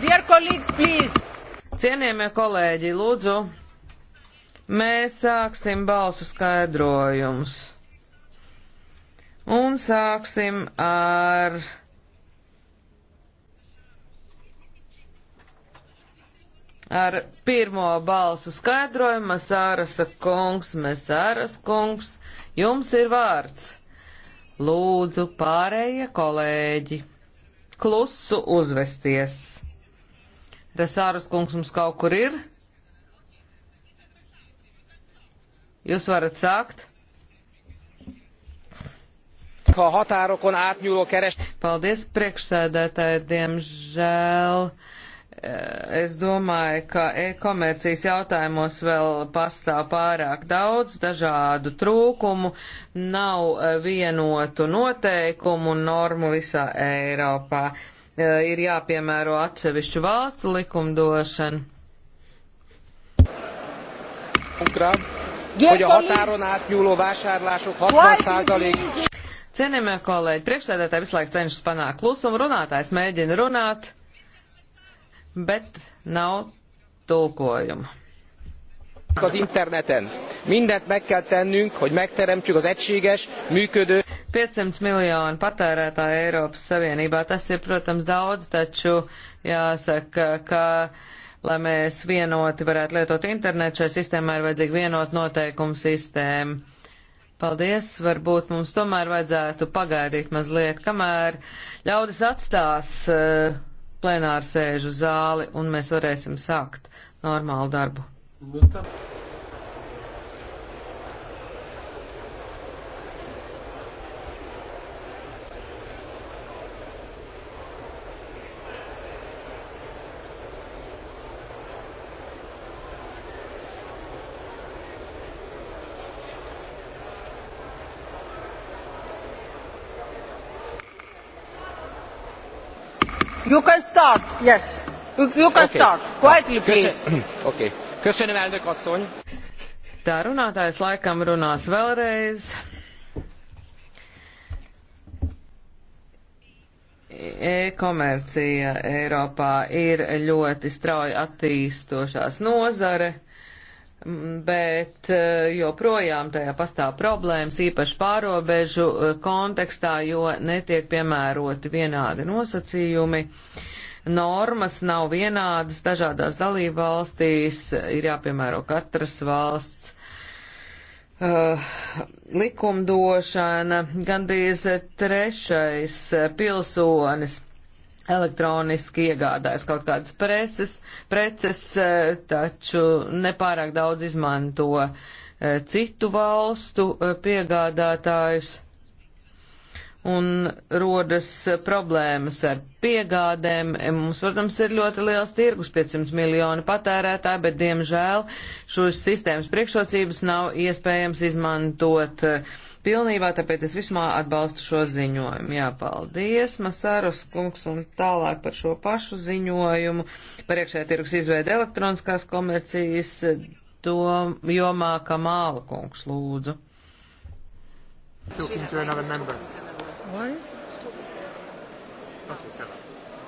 Dear colleagues, please! Cienījamie kolēģi, lūdzu, mēs sāksim balsu skaidrojumus. Un sāksim ar. Ar pirmo balsu skaidrojumu Sārasa kungs, mēs Sāras kungs, jums ir vārds. Lūdzu, pārējie kolēģi, klusu uzvesties. Desāras kungs mums kaut kur ir. Jūs varat sākt. Paldies priekšsēdētāji, diemžēl. Eh, es domāju, ka e-komercijas jautājumos vēl pastāv pārāk daudz dažādu trūkumu, nav eh, vienotu noteikumu un normu visā Eiropā. E, ir jāpiemēro atsevišķu valstu likumdošana. Hogy a határon átnyúló vásárlások 60%... Cienījamie kolēģi, priekšsēdētāji visu laiku cenšas panākt klusumu, runātājs mēģina runāt, bet nav tulkojuma. Az interneten mindent meg kell tennünk, hogy megteremtsük az egységes, működő... 500 miljoni patērētāji Eiropas Savienībā. Tas ir, protams, daudz, taču jāsaka, ka, lai mēs vienoti varētu lietot internetu, šai sistēmai ir vajadzīga vienota noteikuma sistēma. Paldies, varbūt mums tomēr vajadzētu pagaidīt mazliet, kamēr ļaudis atstās uh, eh, plenārsēžu zāli un mēs varēsim sākt normālu darbu. Nu, tā. You can start, yes. You, you can okay. start. Quietly, please. Köszön... Okay. Köszönöm, elnök asszony. Tā runātājs laikam runās vēlreiz. E-komercija Eiropā ir ļoti strauji attīstošās nozare bet eh, joprojām tajā pastāv problēmas, īpaši pārobežu eh, kontekstā, jo netiek piemēroti vienādi nosacījumi. Normas nav vienādas dažādās dalību valstīs, ir jāpiemēro katras valsts uh, likumdošana, gandrīz trešais pilsonis elektroniski iegādājas kaut kādas preces, preces, taču nepārāk daudz izmanto e, citu valstu e, piegādātājus un rodas problēmas ar piegādēm. Mums, protams, ir ļoti liels tirgus, 500 miljoni patērētāji, bet, diemžēl, šos sistēmas priekšrocības nav iespējams izmantot eh, pilnībā, tāpēc es vismā atbalstu šo ziņojumu. Jā, paldies, Masaros kungs, un tālāk par šo pašu ziņojumu, par iekšējā tirgus izveidu elektroniskās komercijas to eh, jomā, kā māla kungs lūdzu talking to another member. What is?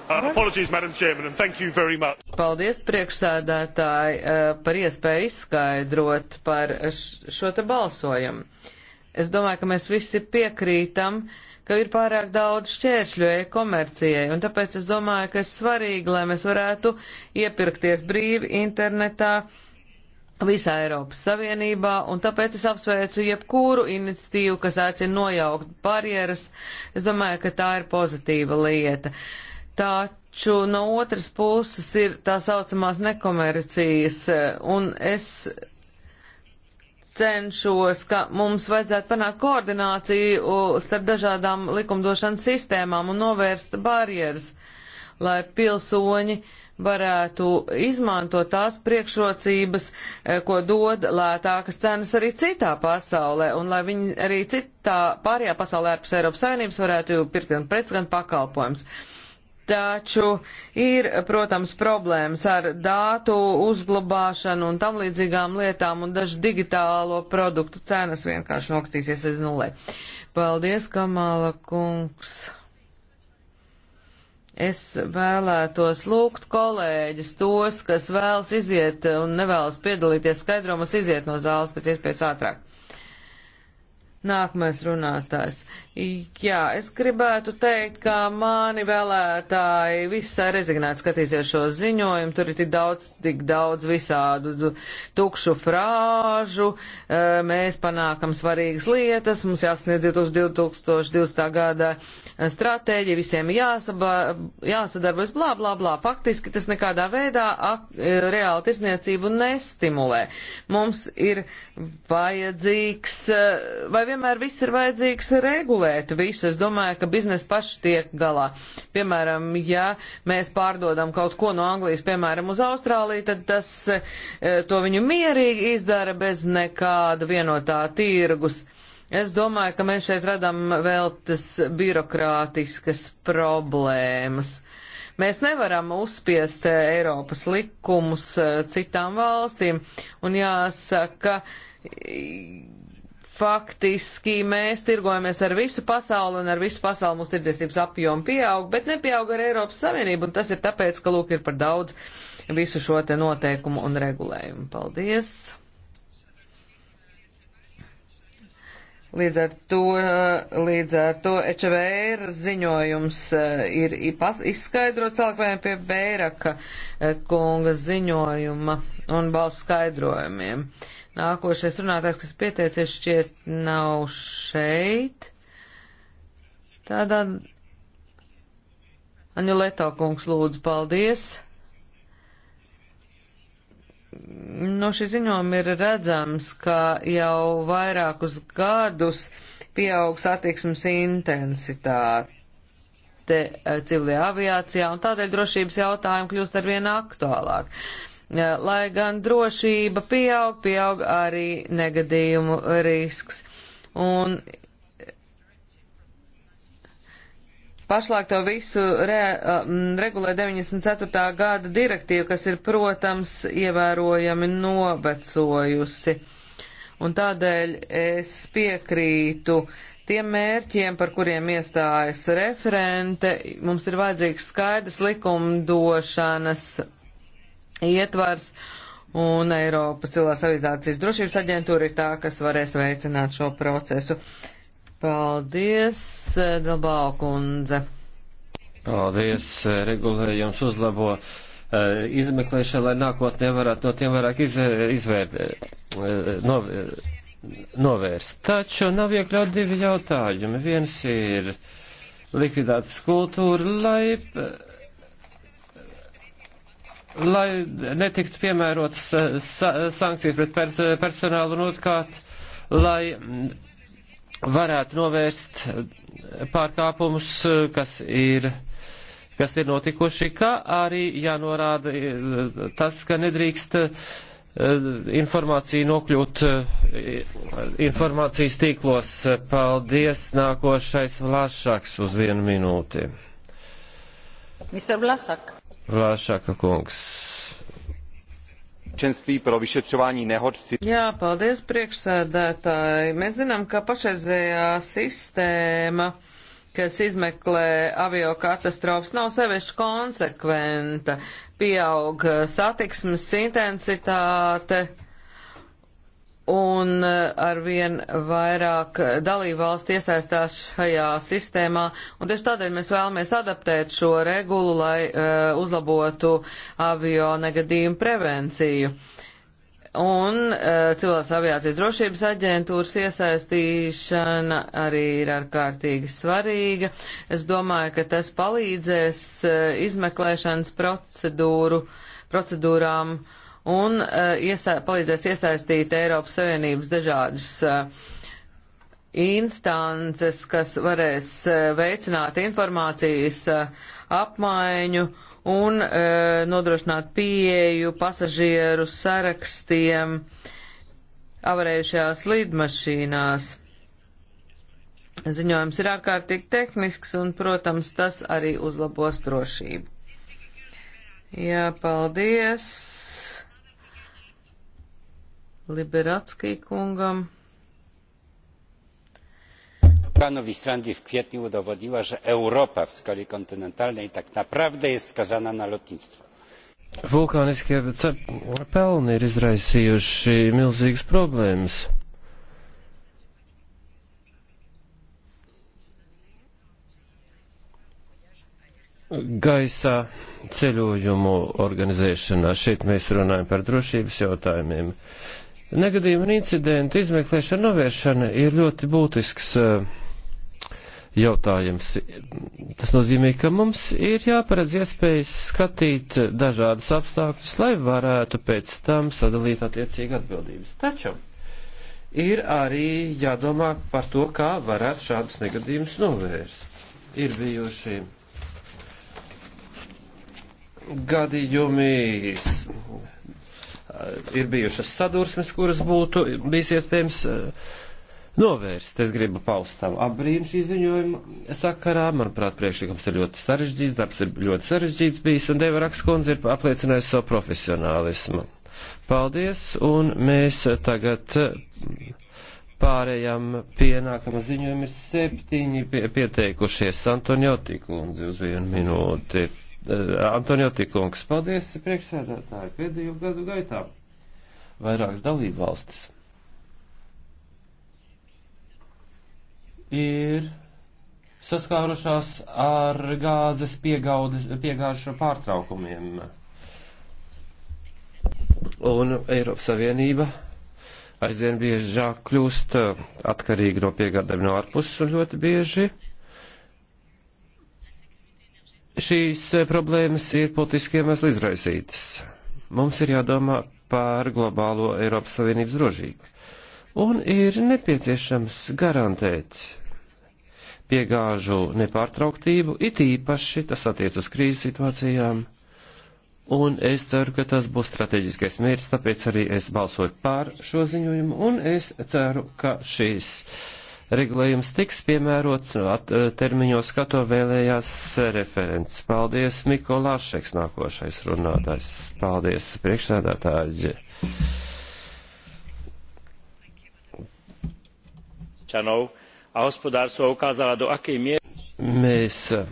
Uh, apologies, Madam Chairman, and thank you very much. Paldies, priekšsēdētāji, uh, par iespēju izskaidrot par šo te balsojumu. Es domāju, ka mēs visi piekrītam, ka ir pārāk daudz šķēršļu e-komercijai, un tāpēc es domāju, ka ir svarīgi, lai mēs varētu iepirkties brīvi internetā, uh, visā Eiropas Savienībā, un tāpēc es apsveicu jebkuru iniciatīvu, kas aicina nojaukt barjeras. Es domāju, ka tā ir pozitīva lieta. Taču no otras puses ir tā saucamās nekomercijas, un es cenšos, ka mums vajadzētu panākt koordināciju starp dažādām likumdošanas sistēmām un novērst barjeras, lai pilsoņi uh, varētu izmantot tās priekšrocības, eh, ko dod lētākas cenas arī citā pasaulē, un lai viņi arī citā pārējā pasaulē ārpus Eiropas Savienības varētu pirkt gan preces, gan pakalpojums. Taču ir, protams, problēmas ar dātu uzglabāšanu un tam līdzīgām lietām, un daži digitālo produktu cenas vienkārši nokritīsies līdz nulē. Paldies, Kamala kungs! Es vēlētos lūgt kolēģis tos, kas vēlas iziet un nevēlas piedalīties skaidrumus, iziet no zāles pēc iespējas ātrāk. Nākamais runātājs. Jā, es gribētu teikt, ka mani vēlētāji visai rezignēti skatīsies šo ziņojumu. Tur ir tik daudz, tik daudz visādu tukšu frāžu. Mēs panākam svarīgas lietas, mums jāsniedz 2020. gada stratēģija, visiem jāsaba, jāsadarbojas, blā, blā, blā. Faktiski tas nekādā veidā ak, reāli tirsniecību nestimulē. Mums ir vajadzīgs, vai vienmēr viss ir vajadzīgs regulēt regulēt visu. Es domāju, ka biznesa paši tiek galā. Piemēram, ja mēs pārdodam kaut ko no Anglijas, piemēram, uz Austrāliju, tad tas e, to viņu mierīgi izdara bez nekāda vienotā tirgus. Es domāju, ka mēs šeit radām vēl tas birokrātiskas problēmas. Mēs nevaram uzspiest e, Eiropas likumus e, citām valstīm, un jāsaka, Faktiski mēs tirgojamies ar visu pasauli un ar visu pasauli mūsu tirdzniecības apjomu pieaug, bet nepieaug ar Eiropas Savienību, un tas ir tāpēc, ka lūk ir par daudz visu šo te noteikumu un regulējumu. Paldies! Līdz ar to, līdz ar to EČVR ziņojums eh, ir izskaidrots salakvēm pie Bēraka eh, kunga ziņojuma un balss skaidrojumiem. Uh, Nākošais runātājs, kas pieteicies, šķiet nav šeit. Tādā Aņuleto kungs lūdzu, paldies. No nu, šī ziņojuma ir redzams, ka jau vairākus gadus pieaugs attieksmes intensitāte eh, civilajā aviācijā, un tādēļ drošības jautājumi kļūst arvien aktuālāk. Uh, Lai gan drošība pieaug, pieaug arī negadījumu risks. Un Pašlaik to visu re, um, regulē 94. gada direktīva, kas ir, protams, ievērojami novecojusi. Un tādēļ es piekrītu tiem mērķiem, par kuriem iestājas referente. Mums ir vajadzīgs skaidrs likumdošanas ietvars, un Eiropas cilvēks aviācijas drošības aģentūra ir tā, kas varēs veicināt šo procesu. Paldies, Dalbāo kundze. Paldies, regulējums uzlabo eh, izmeklēšana, lai nākotnē varētu no tiem vairāk iz, izvērt, eh, nov, novērst. Taču nav iekļaut divi jautājumi. Viens ir likvidācijas kultūra, lai lai netiktu piemērotas eh, sa sankcijas pret pers personālu un otrkārt, lai varētu novērst pārkāpumus, eh, kas ir kas ir notikuši, kā arī jānorāda eh, tas, ka nedrīkst informācija nokļūt informācijas tīklos. Paldies, nākošais Vlašaks uz vienu minūti. Mr. Vlasak. Vlašaka kungs. Jā, paldies priekšsēdētāji. Mēs zinām, ka pašreizējā sistēma, kas izmeklē avio katastrofas, nav sevišķi konsekventa. Pieaug satiksmes intensitāte un eh, arvien vairāk dalībvalsts iesaistās šajā sistēmā, un tieši tādēļ mēs vēlamies adaptēt šo regulu, lai uh, uzlabotu avio negadījumu prevenciju. Un uh, civilās aviācijas drošības aģentūras iesaistīšana arī ir ārkārtīgi svarīga. Es domāju, ka tas palīdzēs uh, izmeklēšanas procedūru, procedūrām uh, un uh, iesa palīdzēs iesaistīt Eiropas Savienības dažādas uh, instances, kas varēs uh, veicināt informācijas uh, apmaiņu un uh, nodrošināt pieeju pasažieru sarakstiem avarējušajās lidmašīnās. Ziņojums ir ārkārtīgi tehnisks un, protams, tas arī uzlabos drošību. Jā, paldies. Liberacki kungam. Panów Islandii w kwietniu udowodniła, że Europa w skali kontynentalnej tak naprawdę jest skazana na lotnictwo. Vulkāniskie pelni ir izraisījuši milzīgas problēmas. gaisa ceļojumu organizēšanā. Šeit mēs runājam par drošības jautājumiem. Negadījuma un incidentu izmeklēšana novēršana ir ļoti būtisks eh, jautājums. Tas nozīmē, ka mums ir jāparedz iespējas skatīt dažādas apstākļus, lai varētu pēc tam sadalīt attiecīgi atbildības. Taču ir arī jādomā par to, kā varētu šādus negadījumus novērst. Ir bijuši gadījumi Eh, ir bijušas sadursmes, kuras būtu bijis iespējams eh, novērst. Es gribu paust savu apbrīnu šī ziņojuma sakarā. Manuprāt, priekšlikums ir ļoti sarežģīts, darbs ir ļoti sarežģīts bijis, un Deva Rakskundze ir apliecinājusi savu profesionālismu. Paldies, un mēs tagad eh, pārējām pie nākamā ziņojuma. Ir septiņi pie, pieteikušies Antoniotikundzi uz vienu minūti. Eh, Antonio Tikungs, paldies priekšsēdētāji pēdējo gadu gaitā. Vairākas dalību valstis ir saskārušās ar gāzes piegāžu pārtraukumiem. Un Eiropas Savienība aizvien biežāk kļūst eh, atkarīga no piegādēm no ārpuses un ļoti bieži šīs eh, problēmas ir politiski iemesli izraisītas. Mums ir jādomā par globālo Eiropas Savienības drošību. Un ir nepieciešams garantēt piegāžu nepārtrauktību, it īpaši tas attiec uz krīzes situācijām. Un es ceru, ka tas būs strateģiskais mērķis, tāpēc arī es balsoju pār šo ziņojumu, un es ceru, ka šīs regulējums tiks piemērots nu, at, eh, termiņos, kā to vēlējās referents. Paldies, Miko Lāšeks, nākošais runātājs. Paldies, priekšsēdētāji. Čanov, a hospodárstvo ukázala, do akej miery... Mēs eh,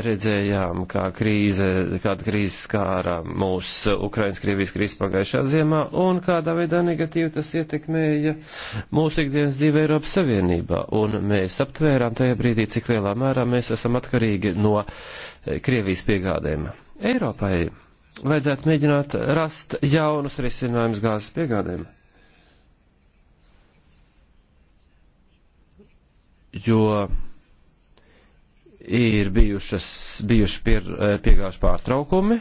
redzējām, kā krīze, kāda krīze skāra mūs Ukrainas Krievijas krīzes pagājušā ziemā un kādā veidā negatīvi tas ietekmēja mūsu ikdienas dzīve Eiropas Savienībā. Un mēs aptvērām tajā brīdī, cik lielā mērā mēs esam atkarīgi no eh, Krievijas piegādēm. Eiropai vajadzētu mēģināt rast jaunus risinājumus gāzes piegādēm. Jo ir bijušas, bijuši pier, eh, piegājuši pārtraukumi.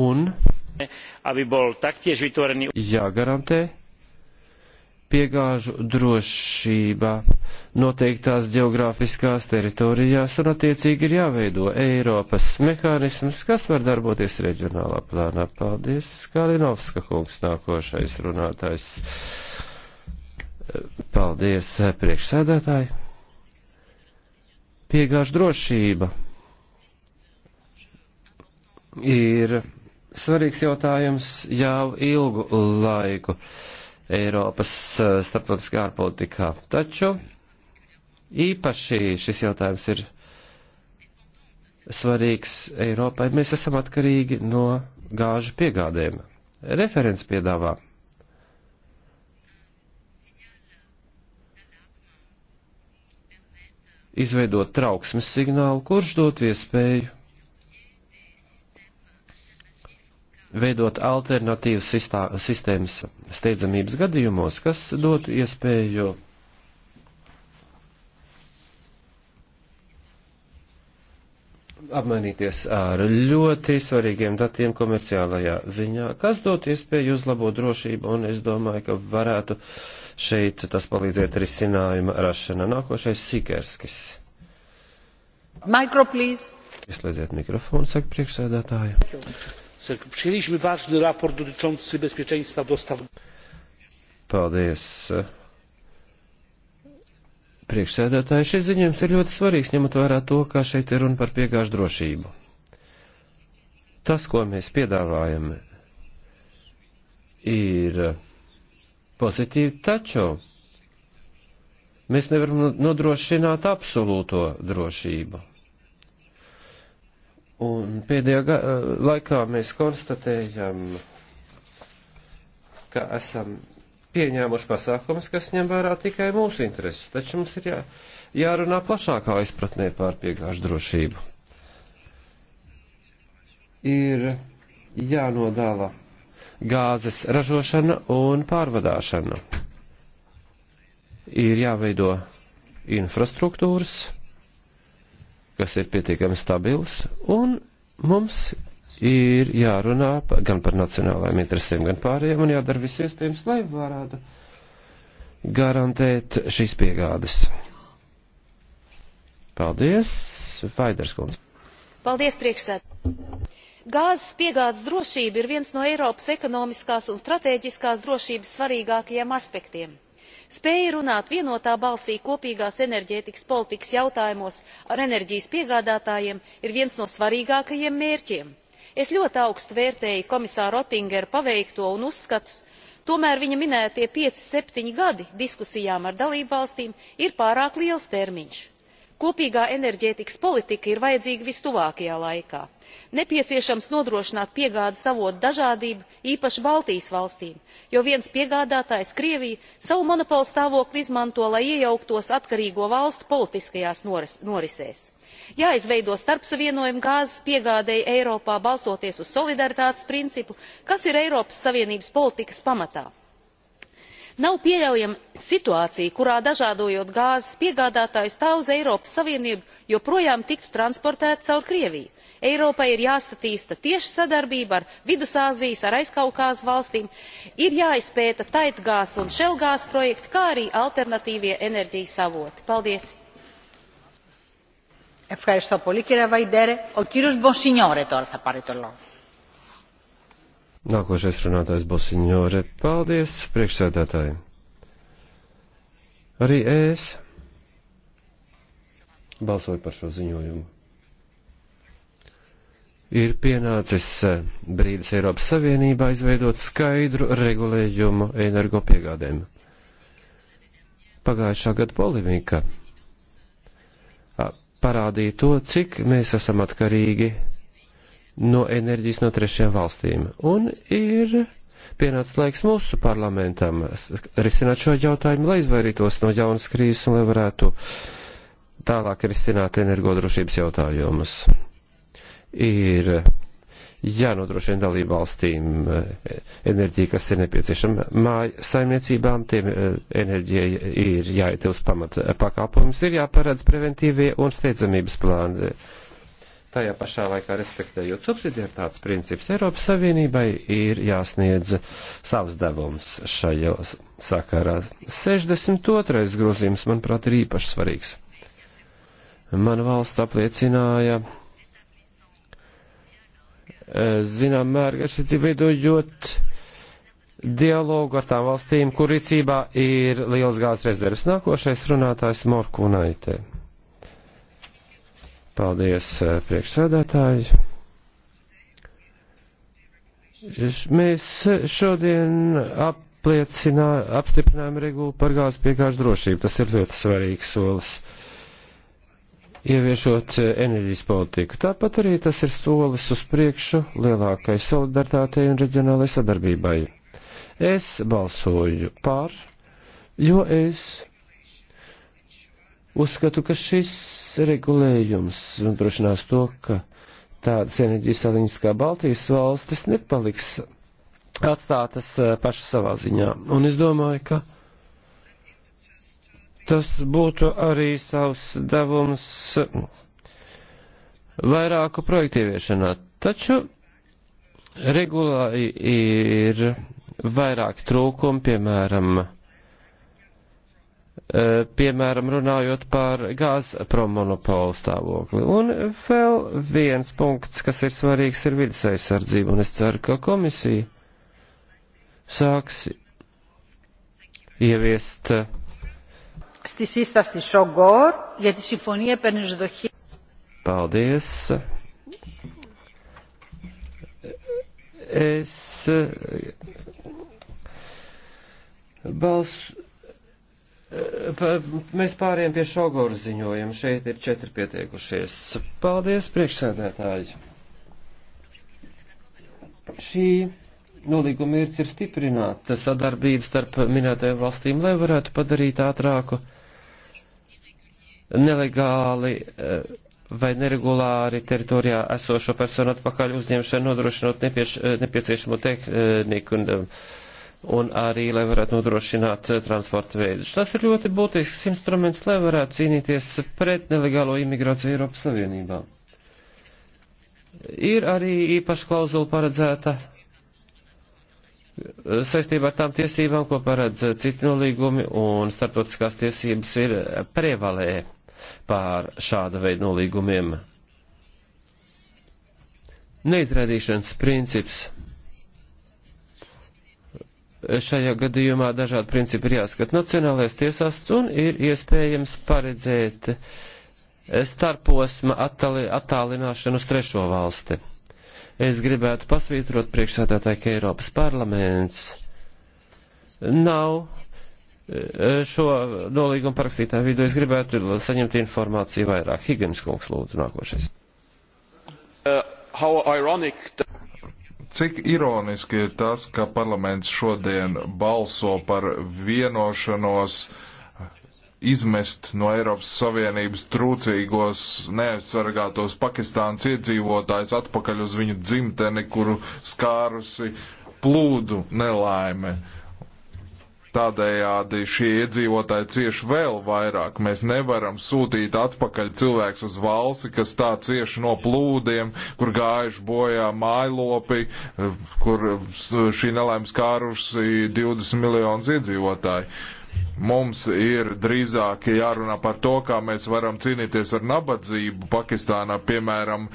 Un aby bol taktiež vytvorený... Jāgarantē piegāžu drošība noteiktās geogrāfiskās teritorijās un attiecīgi ir jāveido Eiropas mehānisms, kas var darboties reģionālā plānā. Paldies, Kalinovska kungs, nākošais runātājs. Paldies, eh, priekšsēdētāji. Piegāžu drošība ir svarīgs jautājums jau ilgu laiku Eiropas eh, starptautiskā ārpolitikā. Taču īpaši šis jautājums ir svarīgs Eiropai. Mēs esam atkarīgi no gāžu piegādēm. Referents piedāvā izveidot trauksmes signālu, kurš dot iespēju veidot alternatīvas sistēmas steidzamības gadījumos, kas dotu iespēju apmainīties ar ļoti svarīgiem datiem komerciālajā ziņā, kas dotu iespēju uzlabot drošību, un es domāju, ka varētu uh, šeit tas palīdziet risinājuma rašanā. Nākošais Sikerskis. Mikro, please. Ieslēdziet mikrofonu, saka priekšsēdētāja. Przyjęliśmy ważny raport dotyczący bezpieczeństwa dostaw. Paldies. Priekšsēdētāji, šis ziņojums ir ļoti svarīgs, ņemot vērā to, kā šeit ir runa par piegāžu drošību. Tas, ko mēs piedāvājam, ir pozitīvi, taču mēs nevaram nodrošināt absolūto drošību. Un pēdējā eh, laikā mēs konstatējam, ka esam pieņēmuši pasākumus, kas ņem vērā tikai mūsu intereses, taču mums ir jā, jārunā plašākā izpratnē pār piegāžu drošību. Ir jānodala gāzes ražošana un pārvadāšana. Ir jāveido infrastruktūras, kas ir pietiekami stabils, un mums ir jārunā gan par nacionālajiem interesēm, gan pārējiem, un jādara viss iespējams, lai varētu garantēt šīs piegādes. Paldies, Faiders kundze. Paldies, priekšsēd gāzes piegādes drošība ir viens no eiropas ekonomiskās un stratēģiskās drošības svarīgākajiem aspektiem. spēja runāt vienotā balsī kopīgās enerģētikas politikas jautājumos ar enerģijas piegādātājiem ir viens no svarīgākajiem mērķiem. es ļoti augstu vērtēju komisāra oettingera paveikto un uzskatu tomēr viņa minētie pieci septiņi gadi diskusijām ar dalībvalstīm ir pārāk liels termiņš kopīgā enerģētikas politika ir vajadzīga vistuvākajā laikā. nepieciešams nodrošināt piegādes avotu dažādību īpaši baltijas valstīm jo viens piegādātājs krievija savu monopola stāvokli izmanto lai iejauktos atkarīgo valstu politiskajās norisēs. jāizveido starpsavienojumi gāzes piegādei eiropā balstoties uz solidaritātes principu kas ir eiropas savienības politikas pamatā nav pieļaujama situācija kurā dažādojot gāzes piegādātājus tā uz eiropas savienību joprojām tiktu transportēta caur krieviju. eiropai ir jāattīsta tieša sadarbība ar vidusāzijas ar aizkaukāzu valstīm ir jāizpēta taitgāzes un šelgāzes projekti kā arī alternatīvie enerģijas avoti. paldies! Ευχαριστώ πολύ κύριε Βαϊντέρε. Ο κύριος Μποσινιόρε τώρα θα πάρει το λόγο. Nākošais runātājs Bosiņore. Paldies, priekšsēdētāji. Arī es balsoju par šo ziņojumu. Ir pienācis eh, brīdis Eiropas Savienībā izveidot skaidru regulējumu energopiegādēm. Pagājušā gada polemika parādīja to, cik mēs esam atkarīgi no enerģijas no trešajām valstīm. Un ir pienācis laiks mūsu parlamentam risināt šo jautājumu, lai izvairītos no jaunas krīzes un lai varētu tālāk risināt energodrošības jautājumus. Ir jānodrošina dalību valstīm e, enerģija, kas ir nepieciešama māju saimniecībām, tiem e, enerģija ir jāietilst pamat e, pakalpojums, ir jāparedz preventīvie un steidzamības plāni tajā pašā laikā respektējot subsidiaritātes principus, Eiropas Savienībai ir jāsniedz savs devums šajā sakarā. 62. grozījums, manuprāt, ir īpaši svarīgs. Mana valsts apliecināja, e, zinām, mērķi veidojot dialogu ar tām valstīm, kur rīcībā ir liels gāzes rezerves. Nākošais runātājs Morkunaitē. Paldies, eh, priekšsēdētāji. Mēs šodien apstiprinājām regulu par gāzes piekāžu drošību. Tas ir ļoti svarīgs solis ieviešot eh, enerģijas politiku. Tāpat arī tas ir solis uz priekšu lielākai solidaritātei un reģionālajai sadarbībai. Es balsoju pār, jo es Uzskatu, ka šis regulējums nodrošinās to, ka tādas enerģijas saliņas kā Baltijas valstis nepaliks atstātas e, pašas savā ziņā. Un es domāju, ka tas būtu arī savs devums vairāku projektu ieviešanā. Taču regulāri ir vairāki trūkumi, piemēram, Eh, piemēram, runājot par Gazprom monopolu stāvokli. Un vēl viens punkts, kas ir svarīgs, ir vidas aizsardzība, un es ceru, ka komisija sāks ieviest. Eh, Στη σύσταση Σογκόρ για τη συμφωνία επενδυτική. Paldies. Es eh, balsu Mēs pāriem pie šogoru ziņojuma. Šeit ir četri pieteikušies. Paldies, priekšsēdētāji. Šī nolīguma mērķis ir stiprināt sadarbību starp minētajām valstīm, lai varētu padarīt ātrāku nelegāli eh, vai neregulāri teritorijā esošo personu atpakaļ uzņemšanu, nodrošinot nepieš, nepieciešamo tehniku. Un, uh, un arī, lai varētu nodrošināt eh, transporta veidus. Tas ir ļoti būtisks instruments, lai varētu cīnīties pret nelegālo imigrāciju Eiropas Savienībā. Ir arī īpaša klauzula paredzēta eh, saistībā ar tām tiesībām, ko paredz eh, citi nolīgumi, un starptautiskās tiesības ir prievalē pār šāda veida nolīgumiem. Neizrādīšanas princips šajā gadījumā dažādi principi ir jāskat nacionālais tiesās un ir iespējams paredzēt starposma attali, attālināšanu uz trešo valsti. Es gribētu pasvītrot priekšsēdētāji, ka Eiropas parlaments nav e, šo nolīgumu parakstītāju vidū. Es gribētu saņemt informāciju vairāk. Higgins kungs lūdzu nākošais. Uh, Cik ironiski ir tas, ka parlaments šodien balso par vienošanos izmest no Eiropas Savienības trūcīgos, neaizsargātos Pakistānas iedzīvotājus atpakaļ uz viņu dzimteni, kuru skārusi plūdu nelaime. Uh, Tādējādi šie iedzīvotāji cieš vēl vairāk. Mēs nevaram sūtīt atpakaļ cilvēks uz valsti, kas tā cieši no plūdiem, kur gājuši bojā mājlopi, kur šī nelaimes kārusi 20 miljonus iedzīvotāju. Mums ir drīzāk jārunā par to, kā mēs varam cīnīties ar nabadzību Pakistānā, piemēram,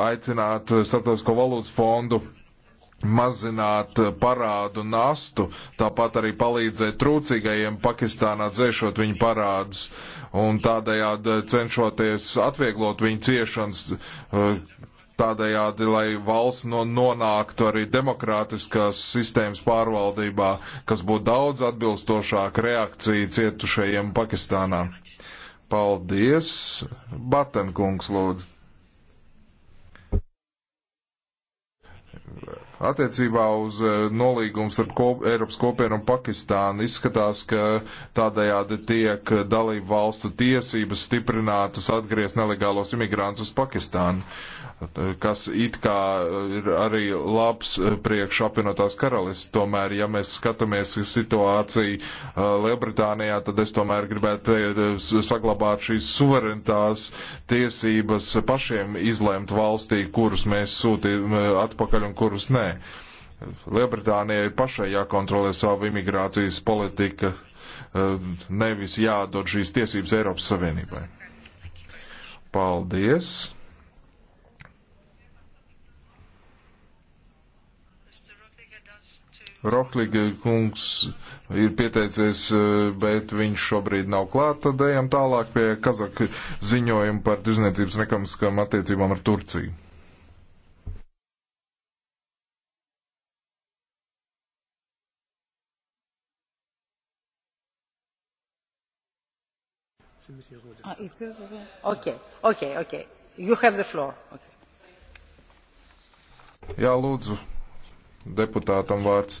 aicināt Starptautisko valūtas fondu mazināt eh, parādu nastu, tāpat arī palīdzēt trūcīgajiem Pakistānā dzēšot viņu parādus un tādējādi cenšoties atvieglot viņu ciešanas, eh, tādējādi, lai valsts no, nonāktu arī demokrātiskās sistēmas pārvaldībā, kas būtu daudz atbilstošāka reakcija cietušajiem Pakistānā. Paldies, Batenkungs, lūdzu. Attiecībā uz eh, nolīgumu starp kop, Eiropas kopienu un Pakistānu izskatās, ka tādējādi tiek dalību valstu tiesības stiprinātas atgriezt nelegālos imigrantus uz Pakistānu. Uh, kas it kā ir arī labs priekš apvienotās karalists. Tomēr, ja mēs skatāmies situāciju uh, Lielbritānijā, tad es tomēr gribētu uh, saglabāt šīs suverentās tiesības pašiem izlēmt valstī, kurus mēs sūtīsim uh, atpakaļ un kurus nē. Lielbritānijai pašai jākontrolē savu imigrācijas politika, nevis jādod šīs tiesības Eiropas Savienībai. Paldies! Roklīga kungs ir pieteicies, eh, bet viņš šobrīd nav klāt. Tad ejam tālāk pie Kazaka ziņojuma par tirzniecības nekamiskām attiecībām ar Turciju. Okay, okay, okay. You have the floor. Okay. Jā, lūdzu, deputātam vārds.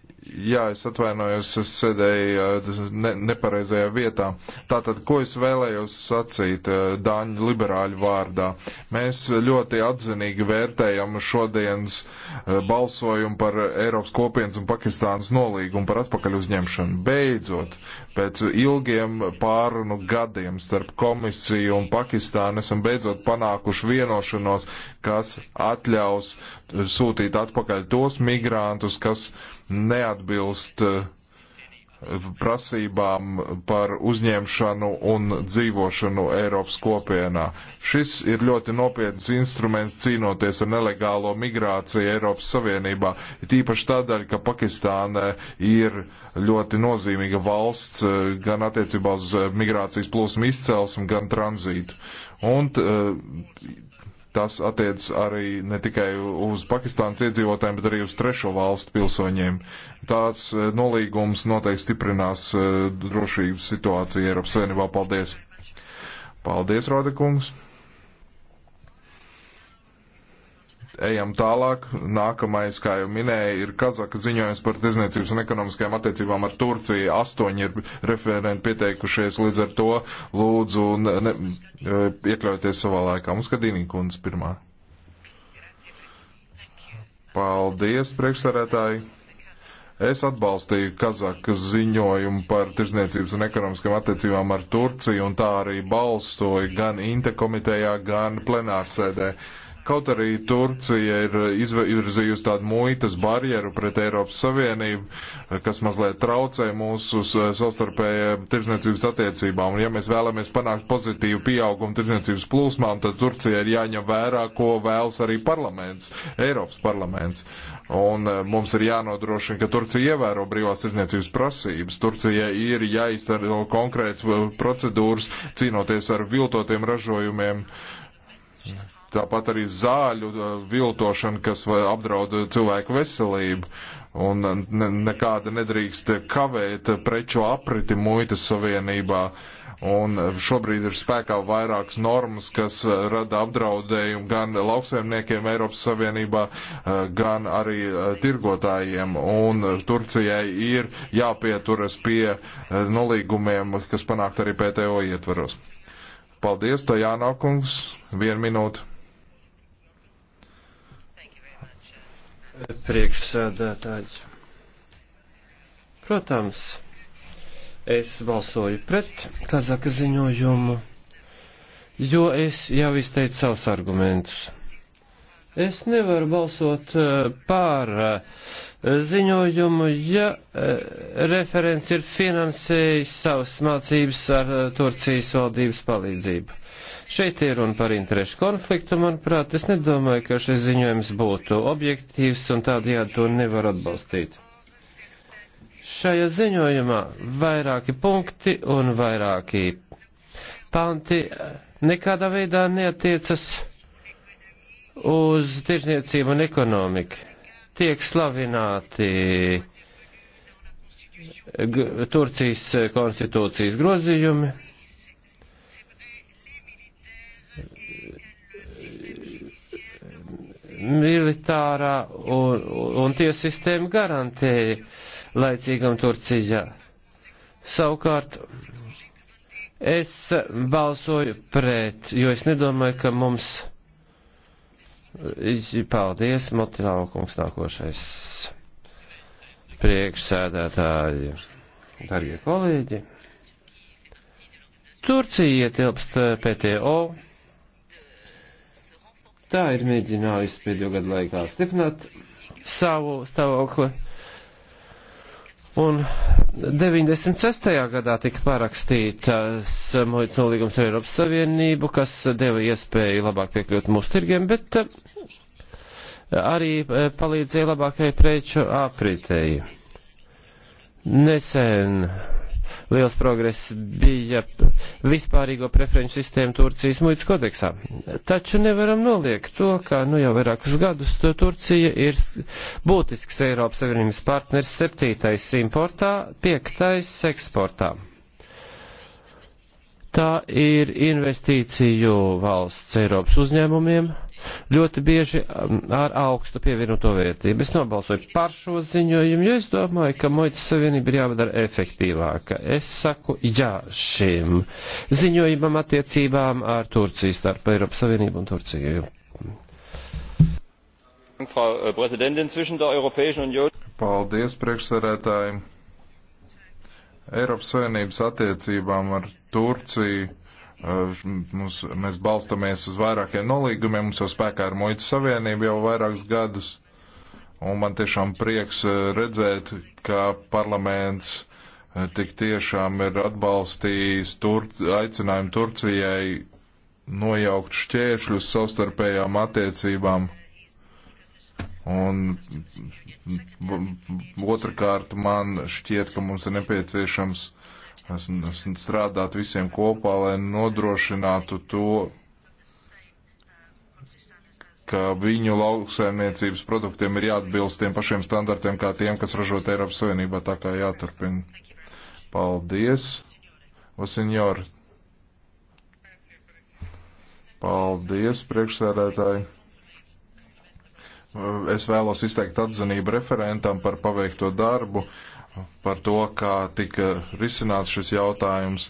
Jā, es atvainojos, es sēdēju ne, nepareizajā vietā. Tātad, ko es vēlējos sacīt Dāņu liberāļu vārdā? Mēs ļoti atzinīgi vērtējam šodienas balsojumu par Eiropas kopienas un Pakistānas nolīgumu par atpakaļ uzņemšanu. Beidzot, pēc ilgiem pārunu gadiem starp komisiju un Pakistānu esam beidzot panākuši vienošanos, kas atļaus sūtīt atpakaļ tos migrantus, kas neatbilst eh, prasībām par uzņemšanu un dzīvošanu Eiropas kopienā. Šis ir ļoti nopietns instruments cīnoties ar nelegālo migrāciju Eiropas Savienībā, tīpaši tādēļ, ka Pakistāna ir ļoti nozīmīga valsts eh, gan attiecībā uz migrācijas plūsmu izcelsmu, gan tranzītu. Un eh, Tas attiec arī ne tikai uz Pakistānas iedzīvotājiem, bet arī uz trešo valstu pilsoņiem. Tāds e, nolīgums noteikti stiprinās e, drošības situāciju Eiropas Savienībā. Paldies! Paldies, Rodekungs! Ejam tālāk. Nākamais, kā jau minēja, ir Kazaka ziņojums par tirzniecības un ekonomiskajām attiecībām ar Turciju. Astoņi ir referenti pieteikušies, līdz ar to lūdzu ne, ne, iekļauties savā laikā. Mums Kadīnī kundze pirmā. Paldies, priekšsarētāji! Es atbalstīju Kazakas ziņojumu par tirzniecības un ekonomiskām attiecībām ar Turciju, un tā arī balstoju gan Inte komitejā, gan plenārsēdē. Ar Kaut arī Turcija ir izvirzījusi tādu muitas barjeru pret Eiropas Savienību, kas mazliet traucē mūsu savstarpējām tirdzniecības attiecībām. Un, ja mēs vēlamies panākt pozitīvu pieaugumu tirdzniecības plūsmām, tad Turcija ir jāņem vērā, ko vēlas arī parlaments, Eiropas parlaments. Un eh, mums ir jānodrošina, ka Turcija ievēro brīvās tirdzniecības prasības. Turcijai ir jāiztaro konkrēts eh, procedūras cīnoties ar viltotiem ražojumiem. Yeah. Tāpat arī zāļu viltošana, kas apdraud cilvēku veselību. Un ne, nekāda nedrīkst kavēt preču apriti muitas savienībā. Un šobrīd ir spēkā vairākas normas, kas rada apdraudējumu gan lauksaimniekiem Eiropas Savienībā, gan arī tirgotājiem. Un Turcijai ir jāpieturas pie nolīgumiem, kas panākt arī PTO ietvaros. Paldies, Tajānā kungs, vienu minūtu. priekšsēdētāji. Protams, es balsoju pret Kazaka ziņojumu, jo es jau izteicu savus argumentus. Es nevaru balsot eh, pār eh, ziņojumu, ja eh, referents ir finansējis savas mācības ar Turcijas valdības palīdzību. Šeit ir runa par interešu konfliktu, manuprāt, es nedomāju, ka šis ziņojums būtu objektīvs un tādējādi to nevar atbalstīt. Šajā ziņojumā vairāki punkti un vairāki panti nekādā veidā neatiecas uz tirzniecību un ekonomiku. Tiek slavināti Turcijas konstitūcijas grozījumi. Militārā un, un tiesu sistēma garantēja laicīgam Turcijā. Savukārt, es balsoju pret, jo es nedomāju, ka mums Paldies, Motilau kungs, nākošais priekšsēdētāji, darbie kolēģi. Turcija ietilpst PTO. Tā ir mēģinājusi pēdējo gadu laikā stiprināt savu stāvokli Un 96. gadā tika parakstītas muitas nolīgums ar Eiropas Savienību, kas deva iespēju labāk piekļūt mūsu tirgiem, bet eh, arī eh, palīdzēja labākai preču apritēji. Nesen liels progress bija vispārīgo preferenču sistēmu Turcijas muitas kodeksā. Taču nevaram noliegt to, ka nu jau vairākus gadus Turcija ir būtisks Eiropas Savienības partners septītais importā, piektais eksportā. Tā ir investīciju valsts Eiropas uzņēmumiem, ļoti bieži um, ar augstu pievienoto vērtību. Es nobalsoju par šo ziņojumu, jo es domāju, ka muitas savienība ir jāpadara efektīvāka. Es saku jā šim ziņojumam attiecībām ar Turciju starp Eiropas Savienību un Turciju. Frau äh, Präsidentin, zwischen der Europäischen Union. Paldies, priekšsēdētāji. Eiropas Savienības attiecībām ar Turciju mums, mēs balstamies uz vairākiem nolīgumiem, mums jau spēkā ir muitas savienība jau vairākus gadus, un man tiešām prieks e, redzēt, ka parlaments e, tik tiešām ir atbalstījis Turc aicinājumu Turcijai nojaukt šķēršļus savstarpējām attiecībām. Un otrkārt, man šķiet, ka mums ir nepieciešams uh, strādāt visiem kopā, lai nodrošinātu to, ka viņu lauksaimniecības produktiem ir jāatbilst tiem pašiem standartiem, kā tiem, kas ražot Eiropas Savienībā, tā kā jāturpina. Paldies, Vasinjor. Paldies, priekšsēdētāji. Es vēlos izteikt atzinību referentam par paveikto darbu par to, kā tika risināts šis jautājums.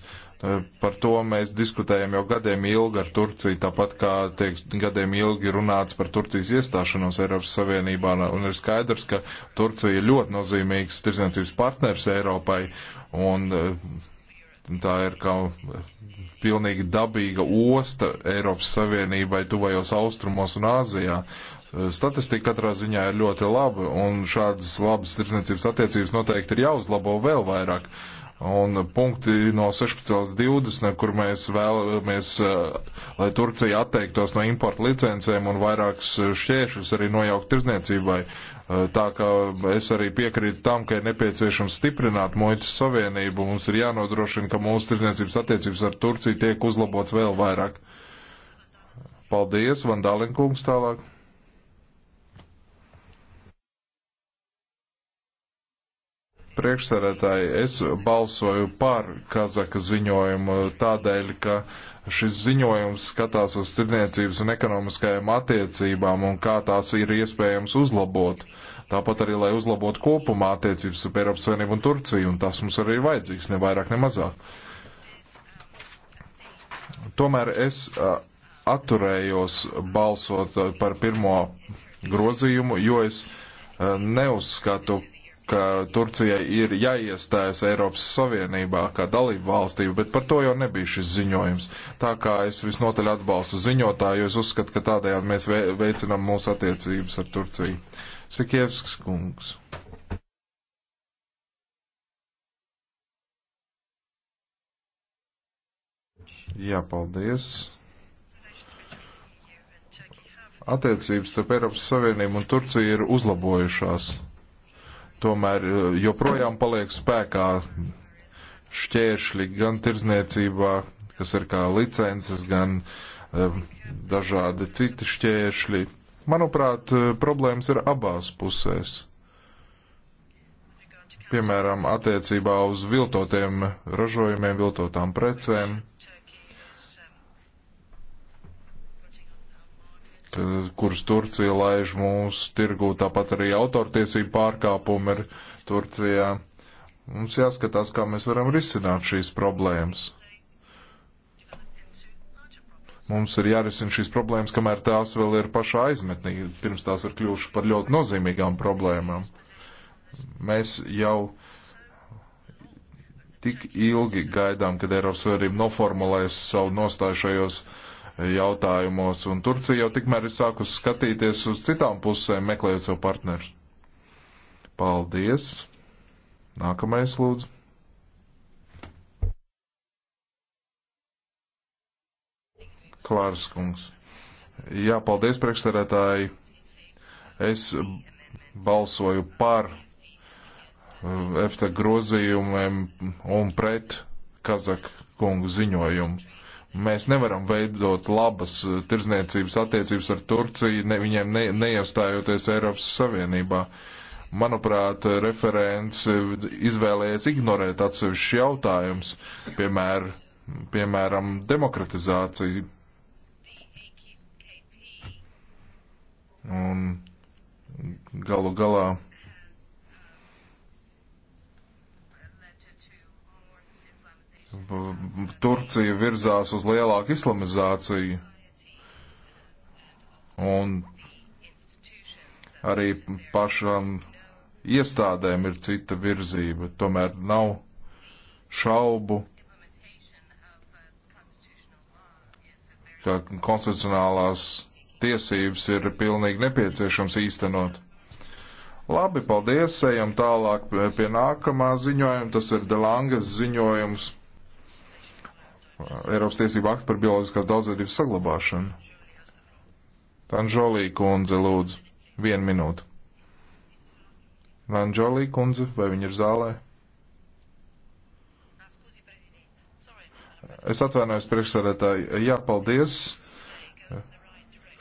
Eh, par to mēs diskutējam jau gadiem ilgi ar Turciju, tāpat kā tiek gadiem ilgi runāts par Turcijas iestāšanos Eiropas Savienībā. Un ir skaidrs, ka Turcija ir ļoti nozīmīgs tirdzniecības partners Eiropai, un eh, tā ir kā pilnīgi dabīga osta Eiropas Savienībai, tuvajos austrumos un Āzijā. Eh, statistika katrā ziņā ir ļoti laba, un šādas labas tirdzniecības attiecības noteikti ir jāuzlabo vēl vairāk. Un punkti no 16 līdz 20, kur mēs vēlamies, eh, lai Turcija atteiktos no importa licencēm un vairākas šķēršļus arī nojaukt tirzniecībai. Eh, tā kā es arī piekrītu tam, ka ir nepieciešams stiprināt muitas savienību, mums ir jānodrošina, ka mūsu tirzniecības attiecības ar Turciju tiek uzlabots vēl vairāk. Paldies, Vandalinkungs tālāk. priekšsēdētāji, es balsoju par Kazaka ziņojumu tādēļ, ka šis ziņojums skatās uz tirniecības un ekonomiskajām attiecībām un kā tās ir iespējams uzlabot. Tāpat arī, lai uzlabotu kopumā attiecības ar Eiropas Savienību un Turciju, un tas mums arī ir vajadzīgs, ne vairāk, ne mazāk. Tomēr es atturējos balsot par pirmo grozījumu, jo es neuzskatu, ka Turcijai ir jāiestājas Eiropas Savienībā kā dalību valstī, bet par to jau nebija šis ziņojums. Tā kā es visnotaļ atbalstu ziņotāju, es uzskatu, ka tādējādi mēs veicinām mūsu attiecības ar Turciju. Sikievskis kungs. Jā, paldies. Attiecības starp Eiropas Savienību un Turciju ir uzlabojušās tomēr eh, joprojām paliek spēkā šķēršļi gan tirzniecībā, kas ir kā licences, gan um, dažādi citi šķēršļi. Manuprāt, eh, problēmas ir abās pusēs. Piemēram, attiecībā uz viltotiem ražojumiem, viltotām precēm. kurus Turcija laiž mūsu tirgū, tāpat arī autortiesību pārkāpumi ir Turcijā. Mums jāskatās, kā mēs varam risināt šīs problēmas. Mums ir jārisina šīs problēmas, kamēr tās vēl ir pašā aizmetnī, pirms tās ir kļuvušas par ļoti nozīmīgām problēmām. Mēs jau tik ilgi gaidām, kad Eiropas Savienība noformulēs savu nostāju šajos uh, jautājumos, un Turcija jau tikmēr ir sākus skatīties uz citām pusēm, meklējot sev partnerus. Paldies! Nākamais lūdzu! Klārs kungs. Jā, paldies priekšsarētāji. Es balsoju par EFTA uh, grozījumiem un pret Kazak kungu ziņojumu. Mēs nevaram veidot labas eh, tirzniecības attiecības ar Turciju, ne, viņiem ne, neiestājoties Eiropas Savienībā. Manuprāt, referents eh, izvēlējies ignorēt atsevišķus jautājumus, piemēr, piemēram, demokratizāciju. Un galu galā Turcija virzās uz lielāku islamizāciju. Un arī pašam iestādēm ir cita virzība. Tomēr nav šaubu, ka konstitucionālās tiesības ir pilnīgi nepieciešams īstenot. Labi, paldies, ejam tālāk pie nākamā ziņojuma. Tas ir Delangas ziņojums Eiropas tiesību aktu par bioloģiskās daudzveidības saglabāšanu. Ranžolī kundze, lūdzu, vienu minūtu. Ranžolī kundze, vai viņa ir zālē? Es atvainojos priekšsarētāji. Jā, paldies.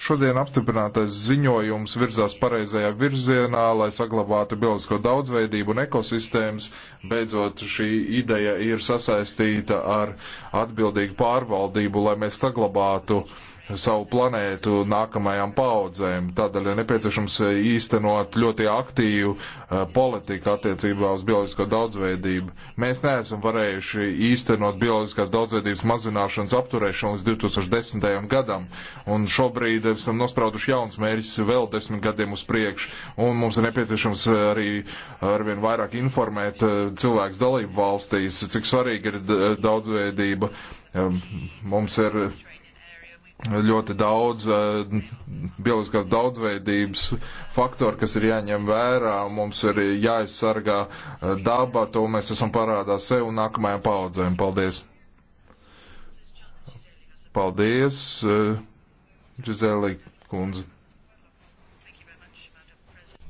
Šodien apstiprinātais ziņojums virzās pareizajā virzienā, lai saglabātu bioloģisko daudzveidību un ekosistēmas. Beidzot, šī ideja ir sasaistīta ar atbildīgu pārvaldību, lai mēs saglabātu uh, savu planētu nākamajām paudzēm. Tādēļ ir nepieciešams īstenot ļoti aktīvu eh, politiku attiecībā uz bioloģisko daudzveidību. Mēs neesam varējuši īstenot bioloģiskās daudzveidības mazināšanas apturēšanu līdz 2010. gadam, un šobrīd esam nosprauduši jauns mērķis vēl desmit gadiem uz priekšu, un mums ir nepieciešams eh, arī arvien vairāk informēt eh, cilvēks dalību valstīs, cik svarīgi ir daudzveidība. Mums ir ļoti daudz eh, bioloģiskās daudzveidības faktori, kas ir jāņem vērā, mums ir jāaizsargā eh, daba, to mēs esam parādā sev un nākamajām paudzēm. Paldies! Paldies, Džizelī eh, kundze!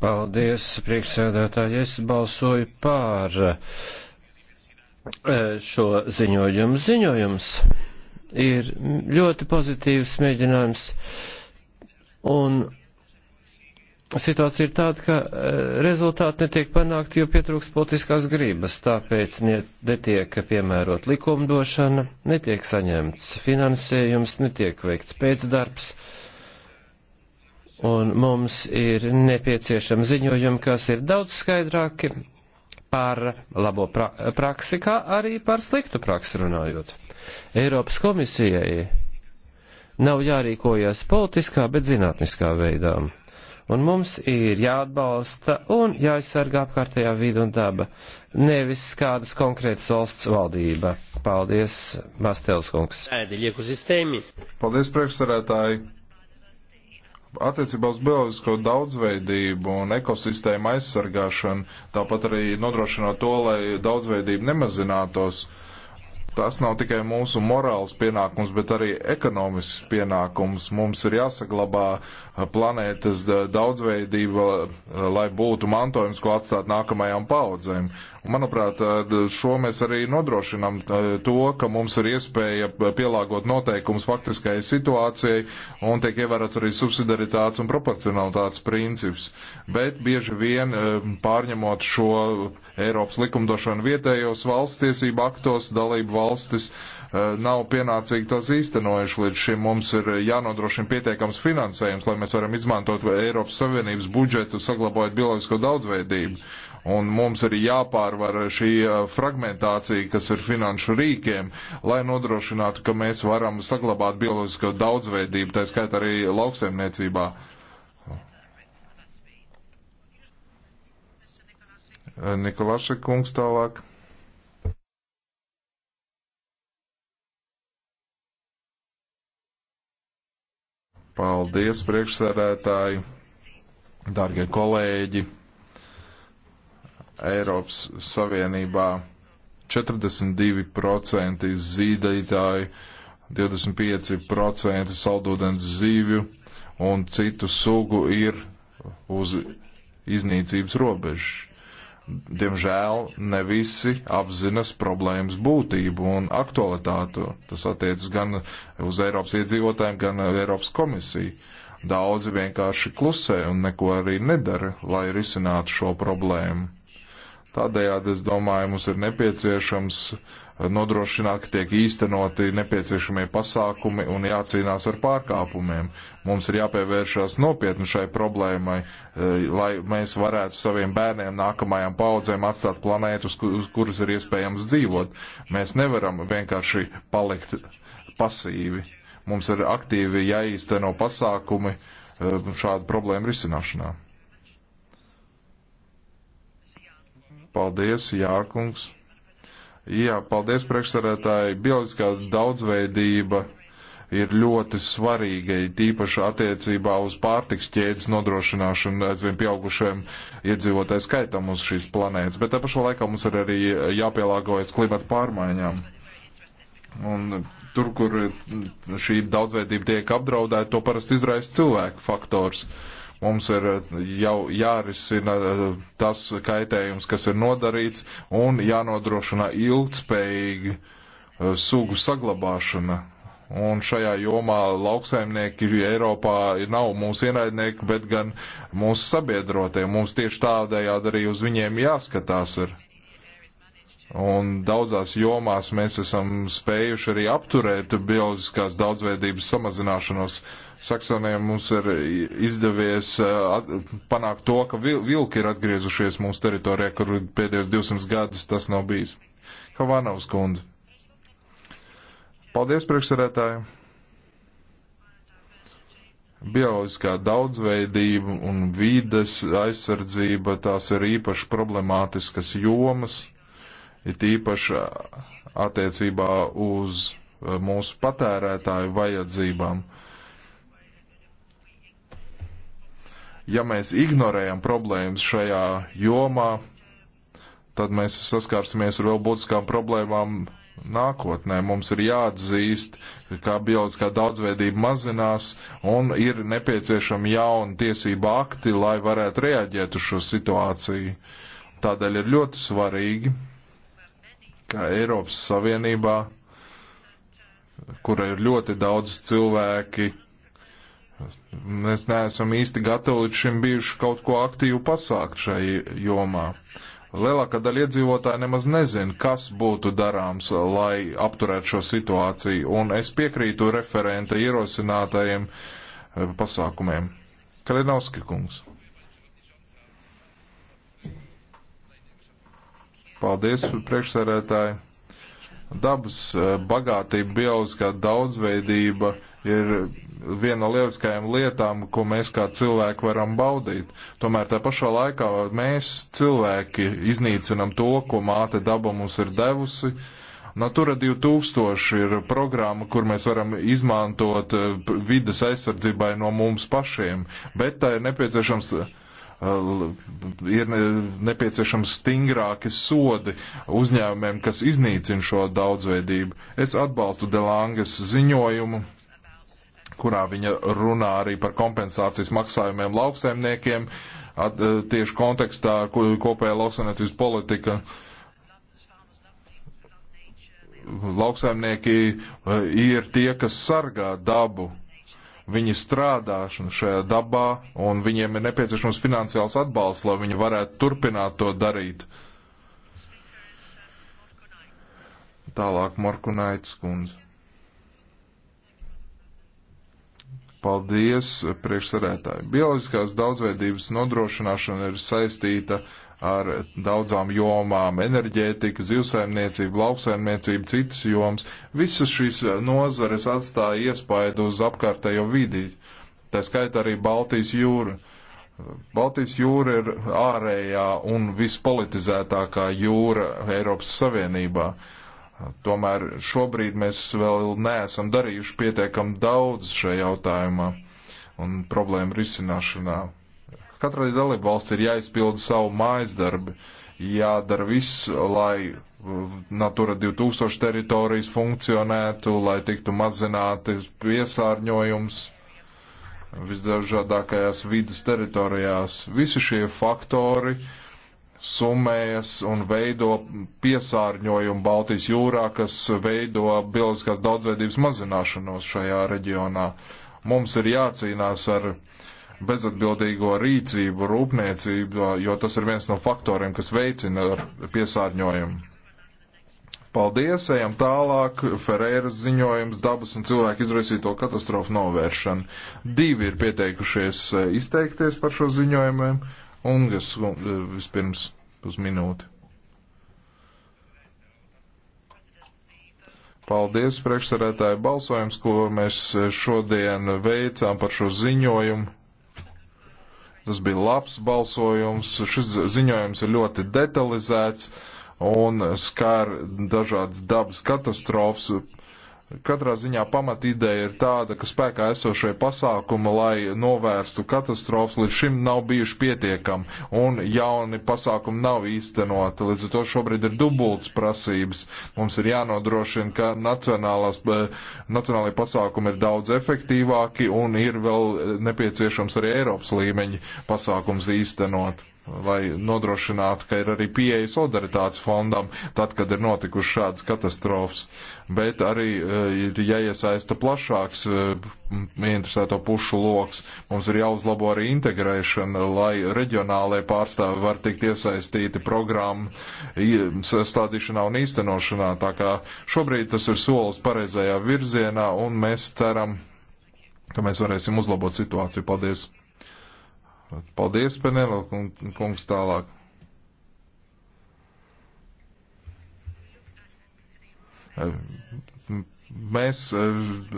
Paldies, priekšsēdētāji, es balsoju pār šo ziņojumu. Ziņojums. ziņojums ir ļoti pozitīvs mēģinājums. Un situācija ir tāda, ka eh, rezultāti netiek panākti, jo pietrūks politiskās gribas, tāpēc netiek piemērot likumdošana, netiek saņemts finansējums, netiek veikts pēcdarbs. Un mums ir nepieciešami ziņojumi, kas ir daudz skaidrāki, par labo pra praksi, kā arī par sliktu praksi runājot. Eiropas komisijai nav jārīkojas politiskā, bet zinātniskā veidā. Un mums ir jāatbalsta un jāaizsargā apkārtējā vīda un daba, nevis kādas konkrētas valsts valdība. Paldies, Mastels kungs. Paldies, priekšsarētāji. Attiecībā uz bioloģisko daudzveidību un ekosistēmu aizsargāšanu, tāpat arī nodrošinot to, lai daudzveidība nemazinātos, tas nav tikai mūsu morāls pienākums, bet arī ekonomisks pienākums. Mums ir jāsaglabā uh, planētas uh, daudzveidība, uh, lai būtu mantojums, ko atstāt nākamajām paudzēm. Un, manuprāt, šo mēs arī nodrošinām to, ka mums ir iespēja pielāgot noteikumus faktiskajai situācijai un tiek ievērots arī subsidaritātes un proporcionalitātes princips. Bet bieži vien eh, pārņemot šo Eiropas likumdošanu vietējos valsts tiesību aktos, dalību valstis eh, nav pienācīgi tos īstenojuši. Līdz šim mums ir jānodrošina pietiekams finansējums, lai mēs varam izmantot Eiropas Savienības budžetu, saglabājot bioloģisko daudzveidību. Un mums ir jāpārvar šī fragmentācija, kas ir finanšu rīkiem, lai nodrošinātu, ka mēs varam saglabāt bioloģisko daudzveidību, tā skaitā arī lauksaimniecībā. Nikolāša kungs tālāk. Paldies, priekšsēdētāji, dārgie kolēģi! Eiropas Savienībā 42% zīdaitāji, 25% saldūdens zīvju un citu sugu ir uz iznīcības robežas. Diemžēl ne visi apzinas problēmas būtību un aktualitātu. Tas attiecas gan uz Eiropas iedzīvotājiem, gan Eiropas komisiju. Daudzi vienkārši klusē un neko arī nedara, lai risinātu šo problēmu Tādējādi, es domāju, mums ir nepieciešams nodrošināt, ka tiek īstenoti nepieciešamie pasākumi un jācīnās ar pārkāpumiem. Mums ir jāpievēršās nopietni šai problēmai, e, lai mēs varētu saviem bērniem, nākamajām paudzēm atstāt planētus, uz kuras ir iespējams dzīvot. Mēs nevaram vienkārši palikt pasīvi. Mums ir aktīvi jāīsteno pasākumi e, šādu problēmu risināšanā. Paldies, Jārkungs. Jā, paldies, priekšsarētāji. Bioloģiskā daudzveidība ir ļoti svarīga, tīpaši attiecībā uz pārtiks ķēdes nodrošināšanu aizvien pieaugušiem iedzīvotāju skaitam uz šīs planētas. Bet te pašā laikā mums ir arī jāpielāgojas klimata pārmaiņām. Un tur, kur šī daudzveidība tiek apdraudēta, to parasti izraisa cilvēku faktors. Uh, Mums ir eh, jau jārisina eh, tas kaitējums, kas ir nodarīts, un jānodrošina ilgspējīgi eh, sugu saglabāšana. Un šajā jomā lauksaimnieki Eiropā nav mūsu ienaidnieki, bet gan mūsu sabiedrotie. Mums tieši tādējādi arī uz viņiem jāskatās. Ir. Un daudzās jomās mēs esam spējuši arī apturēt bioloģiskās daudzveidības samazināšanos. Saksonē mums ir izdevies eh, panākt to, ka vilki ir atgriezušies mūsu teritorijā, kur pēdējos 200 gadus tas nav bijis. Havanovs kundze. Paldies, priekšsarētāji! bioloģiskā daudzveidība un vīdes aizsardzība tās ir īpaši problemātiskas jomas, it īpaši uh, attiecībā uz uh, mūsu patērētāju vajadzībām. Ja mēs ignorējam problēmas šajā jomā, tad mēs saskārsimies ar vēl būtiskām problēmām nākotnē. Mums ir jāatzīst, kā bioloģiskā daudzveidība mazinās un ir nepieciešama jauna tiesība akti, lai varētu reaģēt uz šo situāciju. Tādēļ ir ļoti svarīgi ka Eiropas Savienībā, kura ir ļoti daudz cilvēki, mēs neesam īsti gatavi līdz šim bijuši kaut ko aktīvu pasākt šai jomā. Lielākā daļa iedzīvotāja nemaz nezina, kas būtu darāms, lai apturētu šo situāciju, un es piekrītu referenta ierosinātajiem eh, pasākumiem. Kalinovski kungs. Paldies, priekšsarētāji. Dabas eh, bagātība, bioloģiskā daudzveidība ir viena no lieliskajām lietām, ko mēs kā cilvēki varam baudīt. Tomēr tā pašā laikā mēs cilvēki iznīcinam to, ko māte daba mums ir devusi. Natura 2000 ir programma, kur mēs varam izmantot eh, vidas aizsardzībai no mums pašiem, bet tā ir nepieciešams ir nepieciešams stingrāki sodi uzņēmumiem, kas iznīcina šo daudzveidību. Es atbalstu Delangas ziņojumu kurā viņa runā arī par kompensācijas maksājumiem lauksaimniekiem, at, tieši kontekstā kopējā lauksaimniecības politika. Lauksaimnieki e, ir tie, kas sargā dabu Viņi strādā šajā dabā, un viņiem ir nepieciešams finansiāls atbalsts, lai viņi varētu turpināt to darīt. Tālāk Markunaits kundze. Paldies, priekšsarētāji. Bioloģiskās daudzveidības nodrošināšana ir saistīta ar daudzām jomām - enerģētika, zivsaimniecība, lauksaimniecība, citas jomas. Visas šīs nozares atstāja iespaidu uz apkārtējo vidi, tā skaitā arī Baltijas jūra. Baltijas jūra ir ārējā un vispolitizētākā jūra Eiropas Savienībā. Tomēr šobrīd mēs vēl neesam darījuši pietiekam daudz šajā jautājumā un problēmu risināšanā. Katrai dalību valsts ir jāizpilda savu mājas darbi, jādara viss, lai uh, Natura 2000 teritorijas funkcionētu, lai tiktu mazināti piesārņojums visdažādākajās vidas teritorijās. Visi šie faktori summējas un veido piesārņojumu Baltijas jūrā, kas veido bioloģiskās daudzveidības mazināšanos šajā reģionā. Mums ir jācīnās ar uh, bezatbildīgo rīcību rūpniecībā, jo tas ir viens no faktoriem, kas veicina piesārņojumu. Paldies, ejam tālāk. Ferēras ziņojums dabas un cilvēku izraisīto katastrofu novēršana. Divi ir pieteikušies eh, izteikties par šo ziņojumiem. Ungas eh, vispirms uz minūti. Paldies, priekšsarētāji, balsojums, ko mēs eh, šodien veicām par šo ziņojumu Tas bija labs balsojums. Šis ziņojums ir ļoti detalizēts un skar dažādas dabas katastrofas, Katrā ziņā pamat ideja ir tāda, ka spēkā esošie pasākumi, lai novērstu katastrofas, līdz šim nav bijuši pietiekami, un jauni pasākumi nav īstenoti. Līdz ar to šobrīd ir dubultas prasības. Mums ir jānodrošina, ka nacionālajie pasākumi ir daudz efektīvāki, un ir vēl nepieciešams arī Eiropas līmeņa pasākums īstenot lai nodrošinātu, ka ir arī pieeja solidaritātes fondam, tad, kad ir notikušas šādas katastrofas bet arī eh, ir jāiesaista plašāks eh, interesēto pušu loks. Mums ir jāuzlabo arī integrēšana, lai reģionālajie pārstāvi var tikt iesaistīti programmu stādīšanā un īstenošanā. Tā kā šobrīd tas ir solis pareizajā virzienā un mēs ceram, ka mēs varēsim uzlabot situāciju. Paldies! Paldies, Penelo kungs, tālāk. Mēs e,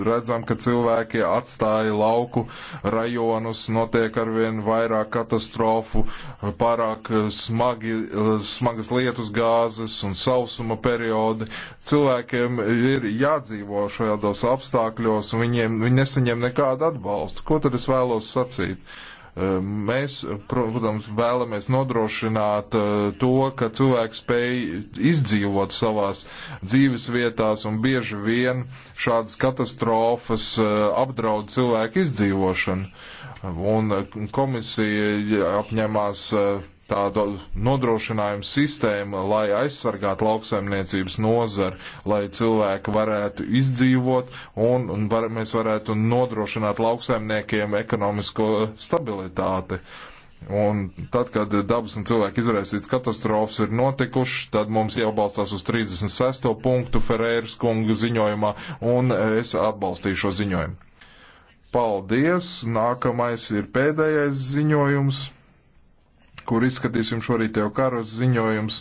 redzam, ka cilvēki atstāja lauku rajonus, notiek arvien vairāk katastrofu, pārāk smagi, e, smagas lietus gāzes un sausuma periodi. Cilvēkiem ir jādzīvo šajādos apstākļos, un viņiem, viņi nesaņem nekādu atbalstu. Ko tad es vēlos sacīt? Uh, Ehm, mēs, protams, vēlamies nodrošināt eh, to, ka cilvēks spēj izdzīvot savās dzīves vietās, un bieži vien šādas katastrofas eh, apdraud cilvēku izdzīvošanu. Un eh, komisija apņemās tādu nodrošinājumu sistēmu, lai aizsargātu lauksaimniecības nozari, lai cilvēki varētu izdzīvot un, un var, mēs varētu nodrošināt lauksaimniekiem ekonomisko stabilitāti. Un tad, kad dabas un cilvēku izraisīts katastrofas ir notikušas, tad mums jābalstās uz 36. punktu Ferēras kunga ziņojumā, un es atbalstīšu šo ziņojumu. Paldies! Nākamais ir pēdējais ziņojums kur izskatīsim šorīt jau karas ziņojums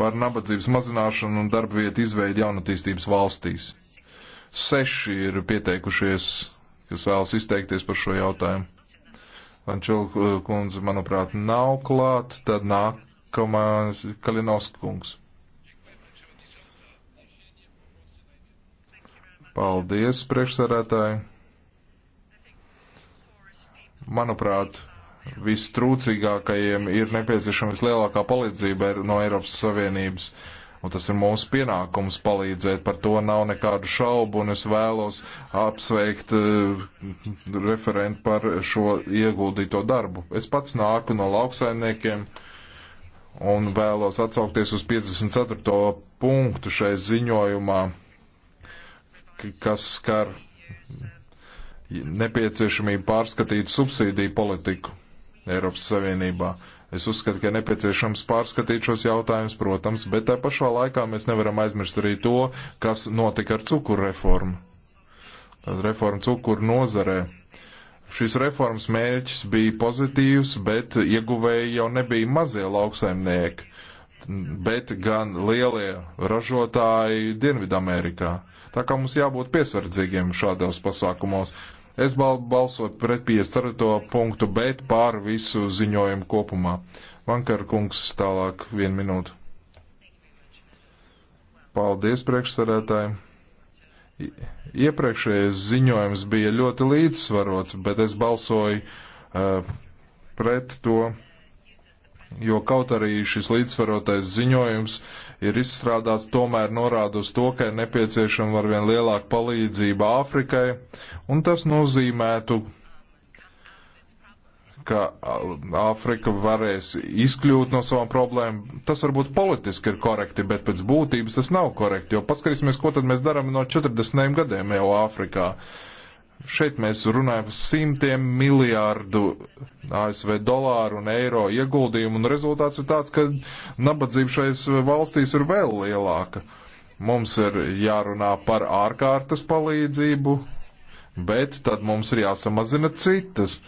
par nabadzības mazināšanu un darba vietu izveidu jaunatīstības valstīs. Seši ir pieteikušies, kas vēlas izteikties par šo jautājumu. Lančela uh, kundze, manuprāt, nav klāt, tad nākamā Kalinovska kungs. Paldies, priekšsarētāji. Manuprāt, vistrūcīgākajiem ir nepieciešama vislielākā palīdzība no Eiropas Savienības. Un tas ir mūsu pienākums palīdzēt, par to nav nekādu šaubu, un es vēlos apsveikt uh, referentu par šo ieguldīto darbu. Es pats nāku no lauksaimniekiem un vēlos atsaukties uz 54. punktu šai ziņojumā, kas skar nepieciešamību pārskatīt subsīdiju politiku Eiropas Savienībā. Es uzskatu, ka nepieciešams pārskatīt šos jautājumus, protams, bet tā pašā laikā mēs nevaram aizmirst arī to, kas notika ar cukuru reformu. Tad reforma cukuru nozarē. Šis reformas mērķis bija pozitīvs, bet ieguvēji jau nebija mazie lauksaimnieki, bet gan lielie ražotāji Dienvidamerikā. Tā kā mums jābūt piesardzīgiem šādos pasākumos, Es bal balsotu pret 54. punktu, bet pār visu ziņojumu kopumā. Vankara kungs tālāk vienu minūtu. Paldies priekšsarētājiem. Iepriekšējais ziņojums bija ļoti līdzsvarots, bet es balsoju uh, pret to, jo kaut arī šis līdzsvarotais ziņojums uh, ir izstrādāts, tomēr norāda uz to, ka ir nepieciešama arvien lielāka palīdzība Āfrikai, un tas nozīmētu, ka Āfrika varēs izkļūt no savām problēmām. Tas varbūt politiski ir korekti, bet pēc būtības tas nav korekti, jo paskatīsimies, ko tad mēs darām no 40 gadiem jau Āfrikā. Uh, Šeit mēs runājam par simtiem miljārdu ASV dolāru un eiro ieguldījumu, un rezultāts ir tāds, ka nabadzība šais valstīs ir vēl lielāka. Mums ir jārunā par ārkārtas palīdzību, bet tad mums ir jāsamazina citas e,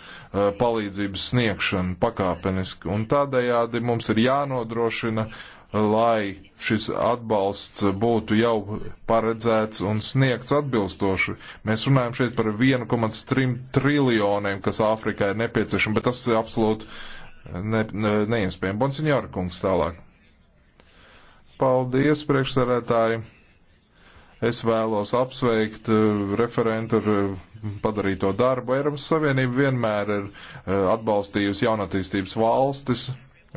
palīdzības sniegšana pakāpeniski, un tādējādi mums ir jānodrošina uh, lai šis atbalsts būtu jau paredzēts un sniegts atbilstoši. Mēs runājam šeit par 1,3 triljoniem, kas Āfrikai ir nepieciešami, bet tas ir absolūti ne, ne, neiespējami. Bonsiņāra kungs tālāk. Paldies, priekšsarētāji. Es vēlos apsveikt eh, referentu ar eh, padarīto darbu. Eiropas Savienība vienmēr ir eh, atbalstījusi jaunatīstības valstis,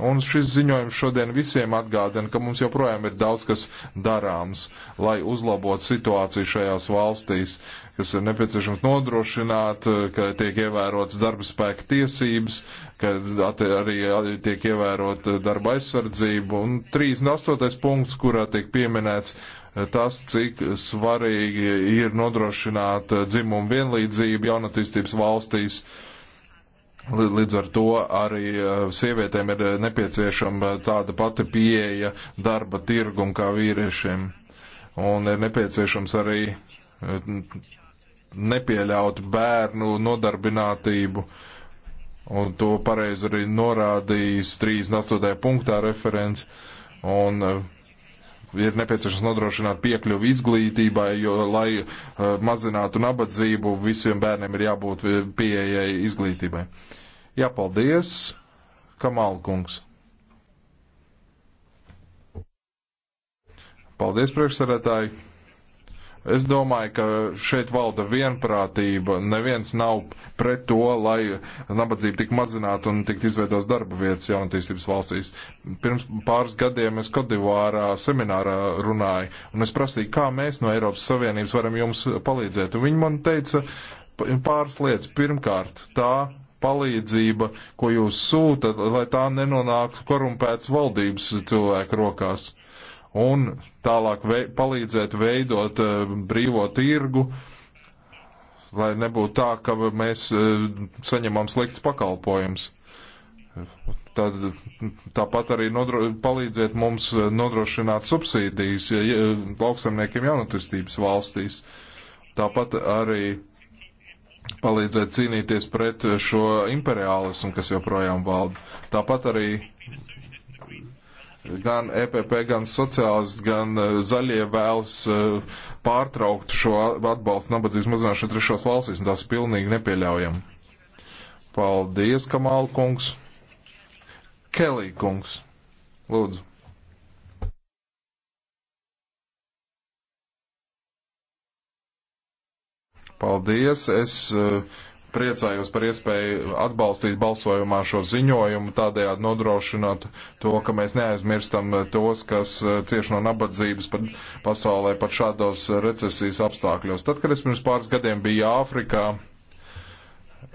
Un šis ziņojums šodien visiem atgādina, ka mums joprojām ir daudz kas darāms, lai uzlabotu situāciju šajās valstīs, kas ir nepieciešams nodrošināt, ka tiek ievērotas darba spēka tiesības, ka arī tiek ievērot darba aizsardzību. Un 38. punkts, kurā tiek pieminēts tas, cik svarīgi ir nodrošināt dzimumu vienlīdzību jaunatīstības valstīs. Uh, Līdz ar to arī eh, sievietēm ir eh, nepieciešama tāda pati pieeja darba tirgum kā vīriešiem. Un ir nepieciešams arī eh, nepieļaut bērnu nodarbinātību. Un to pareizi arī norādījis 38. punktā referents. Un ir nepieciešams nodrošināt piekļuvi izglītībai, jo, lai uh, mazinātu nabadzību, visiem bērniem ir jābūt uh, pieejai izglītībai. Jā, paldies, Kamalkungs. Paldies, priekšsarētāji! Es domāju, ka šeit valda vienprātība. Neviens nav pret to, lai nabadzība tik mazinātu un tikt izveidos darba vietas jaunatīstības valstīs. Pirms pāris gadiem es Kodivārā seminārā runāju, un es prasīju, kā mēs no Eiropas Savienības varam jums palīdzēt. Un viņi man teica pāris lietas. Pirmkārt, tā palīdzība, ko jūs sūtat, lai tā nenonāktu korumpētas valdības cilvēku rokās un tālāk vei, palīdzēt veidot uh, brīvo tirgu, lai nebūtu tā, ka mēs uh, saņemam slikts pakalpojums. Tad, tāpat arī nodro, palīdziet mums eh, nodrošināt subsīdijas ja, ja, lauksamniekiem jaunatistības valstīs. Tāpat arī palīdzēt cīnīties pret šo imperiālismu, kas joprojām valda. Tāpat arī gan EPP, gan sociālisti, gan eh, zaļie vēlas eh, pārtraukt šo atbalstu nabadzības mazināšanu trešās valstīs, un tas ir pilnīgi nepieļaujami. Paldies, Kamāla kungs. Kelī kungs, lūdzu. Paldies, es uh, priecājos par iespēju atbalstīt balsojumā šo ziņojumu, tādējādi nodrošinot to, ka mēs neaizmirstam tos, kas eh, cieš no nabadzības pat pasaulē pat šādos recesijas apstākļos. Tad, kad es pirms pāris gadiem biju Āfrikā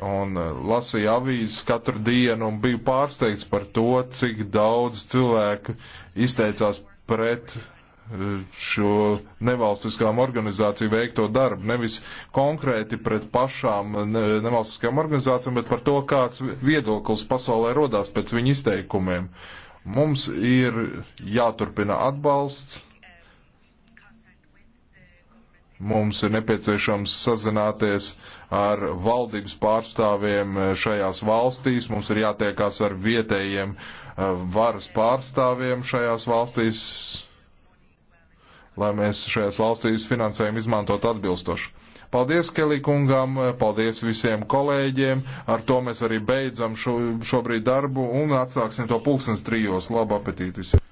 un eh, lasīju avīzes katru dienu un biju pārsteigts par to, cik daudz cilvēku izteicās pret šo nevalstiskām organizāciju veikto darbu, nevis konkrēti pret pašām nevalstiskām organizācijām, bet par to, kāds viedoklis pasaulē rodās pēc viņu izteikumiem. Mums ir jāturpina atbalsts, mums ir nepieciešams sazināties ar valdības pārstāvjiem šajās valstīs, mums ir jātiekās ar vietējiem eh, varas pārstāvjiem šajās valstīs lai mēs šajās valstīs finansējumu izmantot atbilstoši. Paldies Kelī kungam, paldies visiem kolēģiem. Ar to mēs arī beidzam šo, šobrīd darbu un atsāksim to pulkstens trijos. Labu apetīti visiem!